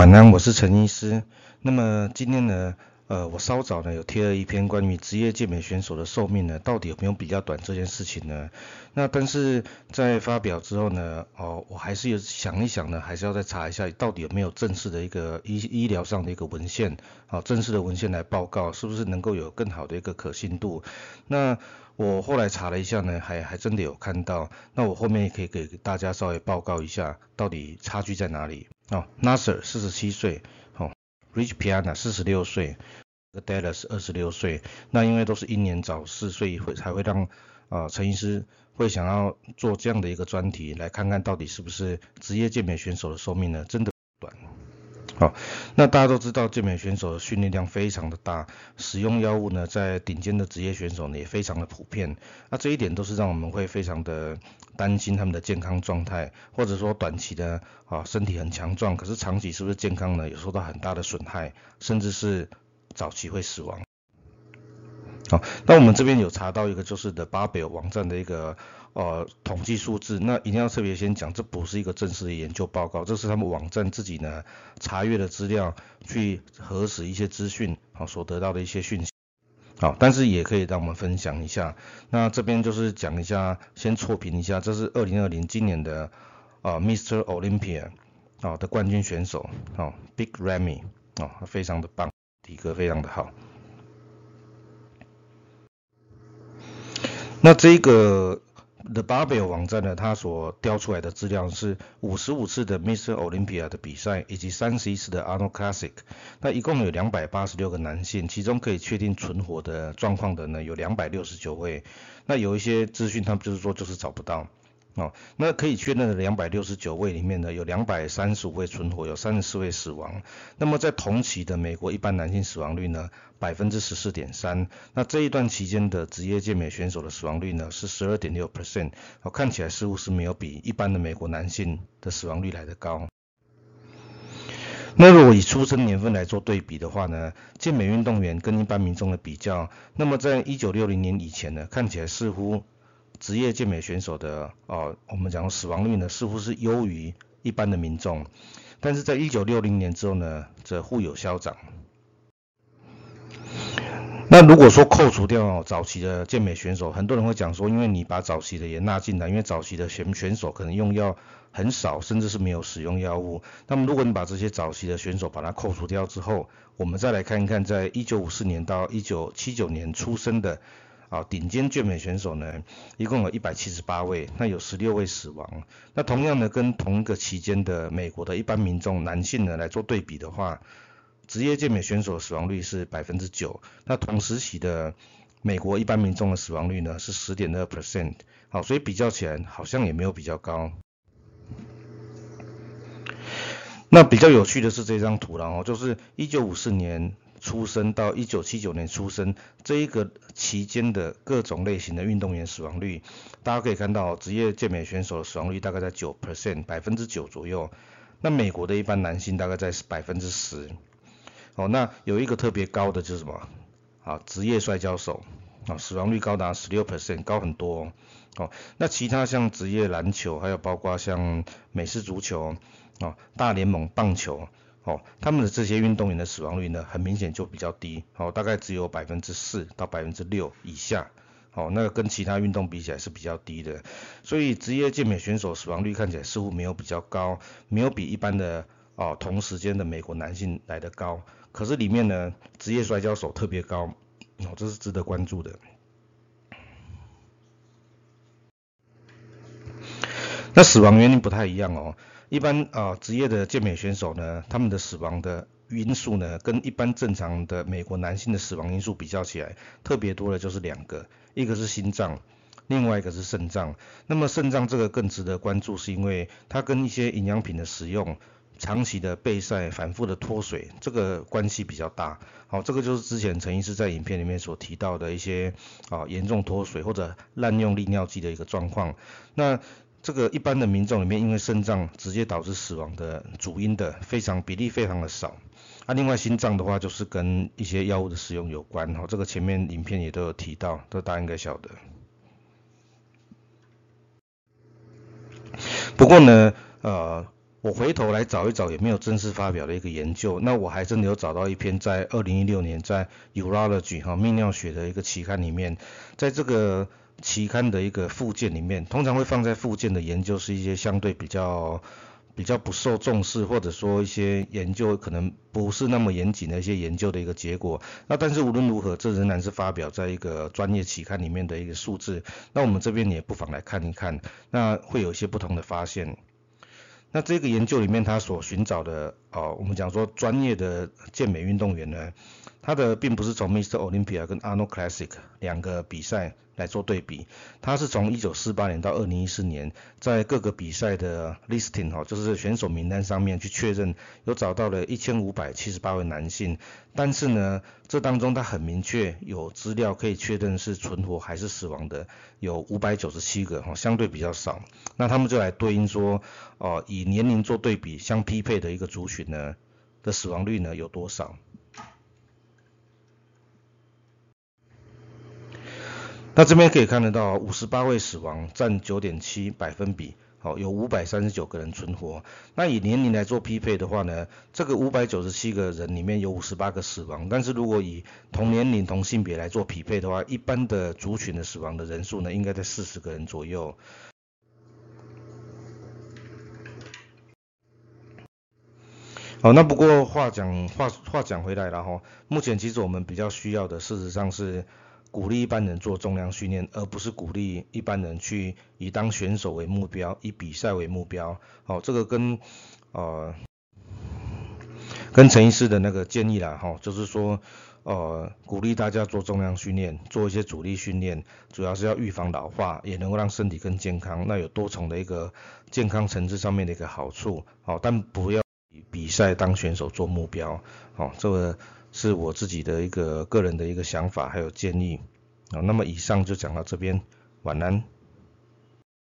晚安，我是陳醫師。那麼今天呢，呃，我稍早呢有貼了一篇關於職業健美選手的壽命呢，到底有沒有比較短這件事情呢？那但是在發表之後呢，哦，我還是有想一想呢，還是要再查一下到底有沒有正式的一個醫醫療上的一個文獻，啊、哦、正式的文獻來報告，是不是能夠有更好的一個可信度？那我後來查了一下呢，還還真的有看到。那我後面也可以給大家稍微報告一下，到底差距在哪裡。哦、oh，Nasser 四十七歲，哦、oh，Rich Piana 四十六歲，Dallas 二十六歲，那因為都是英年早逝，所以會才會讓啊、呃，陳醫師會想要做這樣的一個專題，來看看到底是不是職業健美選手的壽命呢，真的不短。好、哦，那大家都知道健美選手的訓練量非常的大，使用藥物呢，在頂尖的職業選手呢也非常的普遍，那這一點都是讓我們會非常的擔心他們的健康狀態，或者說短期的啊、哦、身體很強壯，可是長期是不是健康呢？也受到很大的損害，甚至是早期會死亡。好，那我們這邊有查到一個就是的巴貝 l 網站的一個呃統計數字，那一定要特別先講，這不是一個正式的研究報告，這是他們網站自己呢查閱的資料，去核實一些資訊，好，所得到的一些訊息，好，但是也可以讓我們分享一下，那這邊就是講一下，先錯評一下，這是二零二零今年的啊、呃、Mister Olympia 啊、哦、的冠軍選手，啊、哦、Big Remy 啊、哦，非常的棒，體格非常的好。那這個 The Barbell 網站呢，它所調出來的資料是五十五次的 Mr. Olympia 的比賽以及三十一次的 Arnold Classic，那一共有兩百八十六個男性，其中可以確定存活的狀況的呢有兩百六十九位，那有一些資訊他們就是說就是找不到。哦，那可以確認的兩百六十九位裡面呢，有兩百三十五位存活，有三十四位死亡。那麼在同期的美國一般男性死亡率呢，百分之十四點三。那這一段期間的職業健美選手的死亡率呢，是十二點六 percent。哦，看起來似乎是沒有比一般的美國男性的死亡率來得高。那如果以出生年份來做對比的話呢，健美運動員跟一般民眾的比較，那麼在一九六零年以前呢，看起來似乎。職業健美選手的哦，我們講死亡率呢，似乎是優於一般的民眾，但是在一九六零年之後呢，則互有消長。那如果說扣除掉、哦、早期的健美選手，很多人會講說，因為你把早期的也納進來，因為早期的選選手可能用藥很少，甚至是沒有使用藥物。那麼如果你把這些早期的選手把它扣除掉之後，我們再來看一看，在一九五四年到一九七九年出生的。好，頂尖健美選手呢，一共有一百七十八位，那有十六位死亡。那同樣呢，跟同一個期間的美國的一般民眾男性呢，來做對比的話，職業健美選手死亡率是百分之九，那同時期的美國一般民眾的死亡率呢是十點二 percent。好，所以比較起來好像也沒有比較高。那比較有趣的是這張圖啦，哦，就是一九五四年。出生到一九七九年出生這一個期間的各種類型的運動員死亡率，大家可以看到職業健美選手的死亡率大概在九 percent 百分之九左右，那美國的一般男性大概在百分之十，哦，那有一個特別高的就是什麼啊？職業摔跤手啊，死亡率高達十六 percent 高很多哦，那其他像職業籃球還有包括像美式足球啊大聯盟棒球。哦，他們的這些運動員的死亡率呢，很明顯就比較低，哦，大概只有百分之四到百分之六以下，哦，那個跟其他運動比起來是比較低的，所以職業健美選手死亡率看起來似乎沒有比較高，沒有比一般的哦同時間的美國男性來得高，可是裡面呢，職業摔跤手特別高，哦，這是值得關注的。那死亡原因不太一樣哦。一般啊，呃、職業的健美選手呢，他們的死亡的因素呢，跟一般正常的美國男性的死亡因素比較起來，特別多的就是兩個，一個是心臟，另外一個是腎臟。那麼腎臟這個更值得關注，是因為它跟一些營養品的使用、長期的備賽、反覆的脫水，這個關係比較大。好、呃，這個就是之前陳醫師在影片裡面所提到的一些啊呃、嚴重脫水或者濫用利尿劑的一個狀況。那這個一般的民眾裡面，因為腎臟直接導致死亡的主因的非常比例非常的少。啊，另外心臟的話，就是跟一些藥物的使用有關哈。這個前面影片也都有提到，都大家應該曉得。不過呢，呃，我回頭來找一找，也沒有正式發表的一個研究。那我還真的有找到一篇，在二零一六年在《Urology》哈泌尿學的一個期刊裡面，在這個。期刊的一個附件裡面，通常會放在附件的研究是一些相對比較比較不受重視，或者說一些研究可能不是那麼嚴謹的一些研究的一個結果。那但是無論如何，這仍然是發表在一個專業期刊裡面的一個數字。那我們這邊也不妨來看一看，那會有一些不同的發現。那這個研究裡面，它所尋找的。哦，我們講說專業的健美運動員呢，他的並不是從 Mr. Olympia 跟 Arnold Classic 兩個比賽來做對比，他是從一九四八年到二零一四年，在各個比賽的 listing，哦，就是選手名單上面去確認，有找到了一千五百七十八位男性，但是呢，這當中他很明確有資料可以確認是存活還是死亡的，有五百九十七個，哦，相對比較少，那他們就來對應說，哦，以年齡做對比相匹配的一個族群。呢的死亡率呢有多少？那這邊可以看得到啊，五十八位死亡佔九點七百分比，好，哦，有五百三十九個人存活。那以年齡來做匹配的話呢，這個五百九十七個人裡面有五十八個死亡，但是如果以同年齡同性別來做匹配的話，一般的族群的死亡的人數呢，應該在四十個人左右。好，那不過話講，話話講回來了齁。目前其實我們比較需要的，事實上是鼓勵一般人做重量訓練，而不是鼓勵一般人去以當選手為目標，以比賽為目標。好、哦，這個跟呃跟陳醫師的那個建議了齁，就是說呃鼓勵大家做重量訓練，做一些阻力訓練，主要是要預防老化，也能夠讓身體更健康，那有多重的一個健康層次上面的一個好處。好、哦，但不要，比賽當選手做目標，哦，這個是我自己的一個個人的一個想法還有建議，哦，那麼以上就講到這邊，晚安。